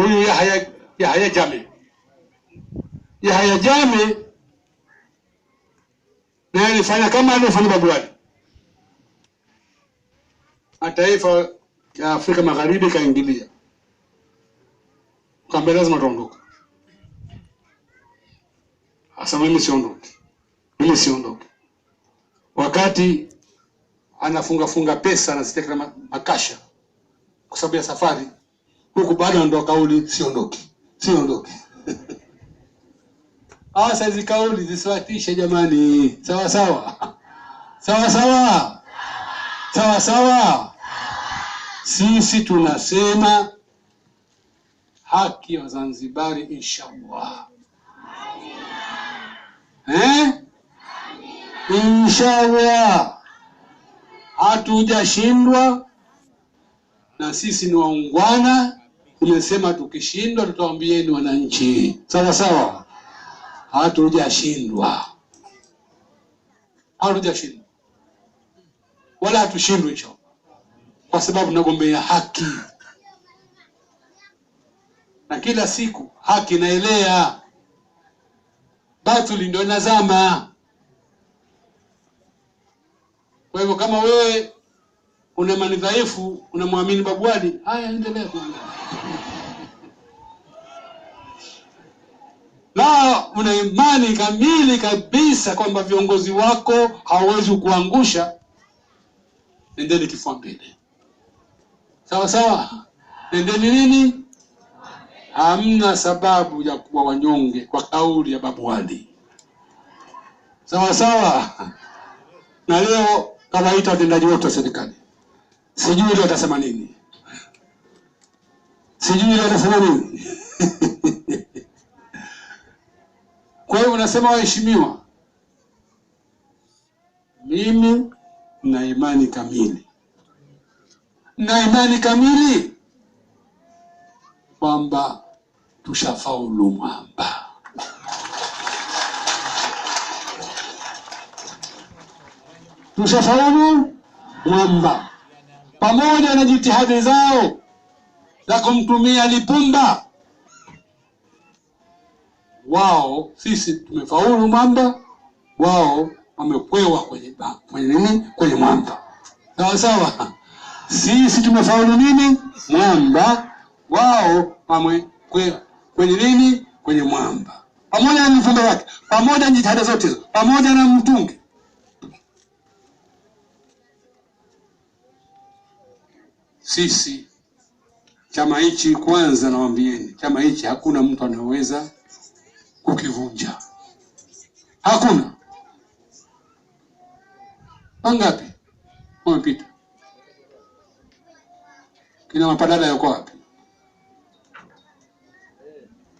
huyu Yahya Yahya jame Yahya Jammeh naye alifanya kama alivyofanya babu Mataifa ya Afrika Magharibi kaingilia, kaambia lazima tuondoke. Asa mimi siondoke, mimi siondoke, wakati anafungafunga pesa anaziteka makasha kwa sababu ya safari huku bado ndo kauli siondoki, siondoki. Sasa hizi kauli zisiwatishe jamani, sawa sawa sawa sawa sawa sawa. Sisi tunasema haki ya Wazanzibari inshaallah, eh? Inshallah hatujashindwa, na sisi ni waungwana umesema tukishindwa tutawaambieni wananchi, sawa sawa. Hatujashindwa, hatujashindwa wala hatushindwi hicho, kwa sababu tunagombea haki na kila siku haki inaelea, batuli ndio inazama. Kwa hivyo kama wewe una imani dhaifu, unamwamini Babu Ally, haya endelea kuamini. una imani kamili kabisa kwamba viongozi wako hawawezi kuangusha, nendeni kifua mbele. Sawa sawa, nendeni nini? Hamna sababu ya kuwa wanyonge kwa kauli ya Babu Wali. Sawa sawa. Na leo kawaita watendaji wote wa serikali, sijui leo atasema nini, sijui leo atasema nini Kwa hiyo unasema waheshimiwa, mimi na imani kamili, na imani kamili kwamba tushafaulu mwamba. Tushafaulu mwamba pamoja na jitihadi zao za kumtumia Lipumba wao sisi tumefaulu mwamba, wao wamekwewa kwenye kwenye nini, kwenye mwamba. Sawa sawa, sisi tumefaulu nini, mwamba, wao wamekwewa kwenye nini, kwenye mwamba, pamoja na mfundo wake, pamoja na jitihada zote hizo, pamoja na mtungi sisi chama hichi, kwanza nawaambieni, chama hichi hakuna mtu anaweza ukivunja hakuna wangapi wamepita kina mapadala yako wapi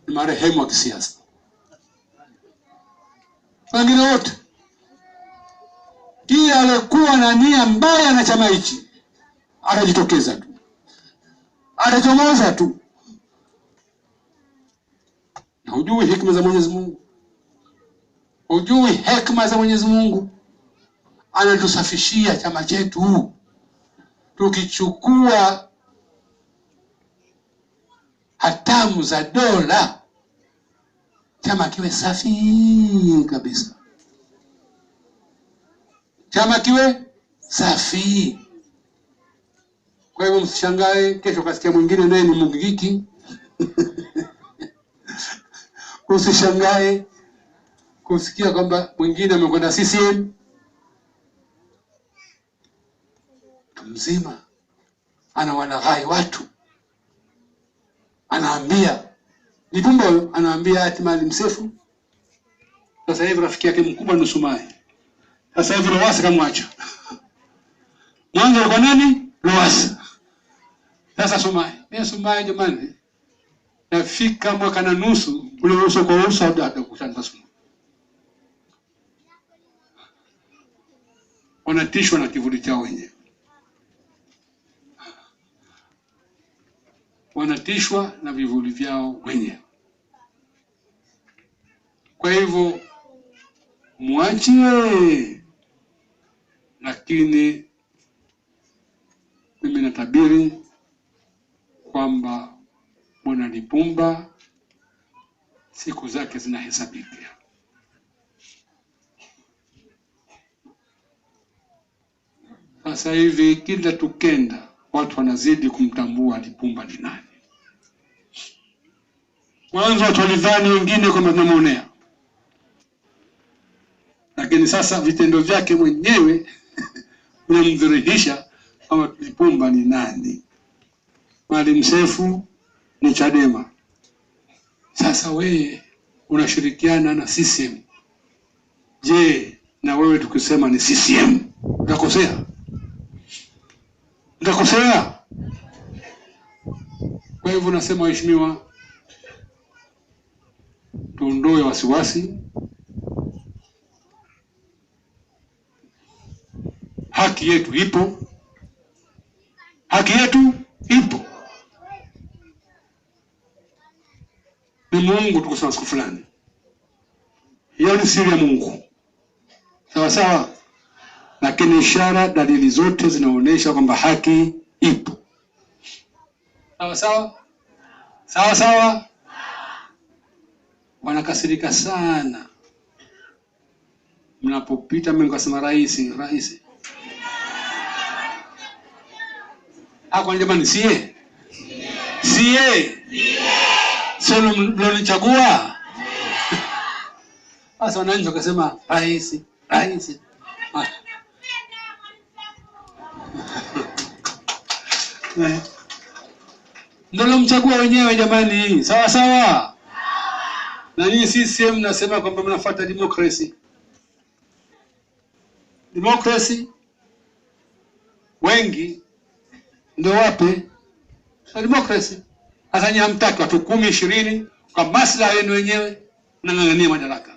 ni marehemu wa kisiasa wengine wote kile alikuwa na nia mbaya na chama hichi atajitokeza tu atachomoza tu Hujui hekima za Mwenyezi Mungu, hujui hekima za Mwenyezi Mungu. Anatusafishia chama chetu, tukichukua hatamu za dola, chama kiwe safi kabisa, chama kiwe safi. Kwa hivyo msishangae kesho kasikia mwingine naye ni mungiki Usishangae kusikia kwamba mwingine amekwenda CCM. Mtu mzima anawalaghai watu, anaambia ni pumba anaambia ati Maalim Seif sasa hivi rafiki yake mkubwa nusu mai, sasa hivi Lowassa kamwacha mwanzo kwa nani? Lowassa. Sasa Sumaye. Mimi Sumaye jamani nafika mwaka na nusu ule uso kwa uso adakutanzasuma wanatishwa na kivuli chao wenyewe, wanatishwa na vivuli vyao wenyewe. Kwa hivyo mwachie, lakini mimi natabiri kwamba Bwana Lipumba siku zake zinahesabika. Sasa hivi kila tukenda, watu wanazidi kumtambua Lipumba ni nani. Mwanzo watu walidhani wengine kwamba tunamwonea, lakini sasa vitendo vyake mwenyewe vinamdhihirisha kwamba Lipumba ni nani. Mwalimu Sefu ni Chadema. Sasa wewe unashirikiana na CCM. Je, na wewe tukisema ni CCM utakosea? Utakosea? Kwa hivyo nasema, waheshimiwa, tuondoe wasiwasi. Haki yetu ipo, haki yetu ni Mungu tuko sawa siku fulani. Hiyo ni siri ya Mungu, sawa sawa, lakini ishara, dalili zote zinaonyesha kwamba haki ipo, sawa sawa, sawa sawa. Wanakasirika sana mnapopita mimi nikasema, rais rais, Kwani jamani, siye siye siye sio mlionichagua? Sasa wananchi wakasema rahisi rahisi. Eh. Mlomchagua wenyewe jamani, sawa sawa. Na nyinyi CCM nasema kwamba mnafuata demokrasi, demokrasi wengi ndio wape na demokrasi sasa hamtaki watu kumi ishirini, kwa maslahi yenu wenyewe mnang'ang'ania madaraka.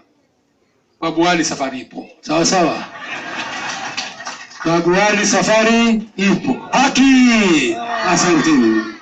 Babu safari ipo, sawa sawa. Babu safari ipo, haki. Asanteni.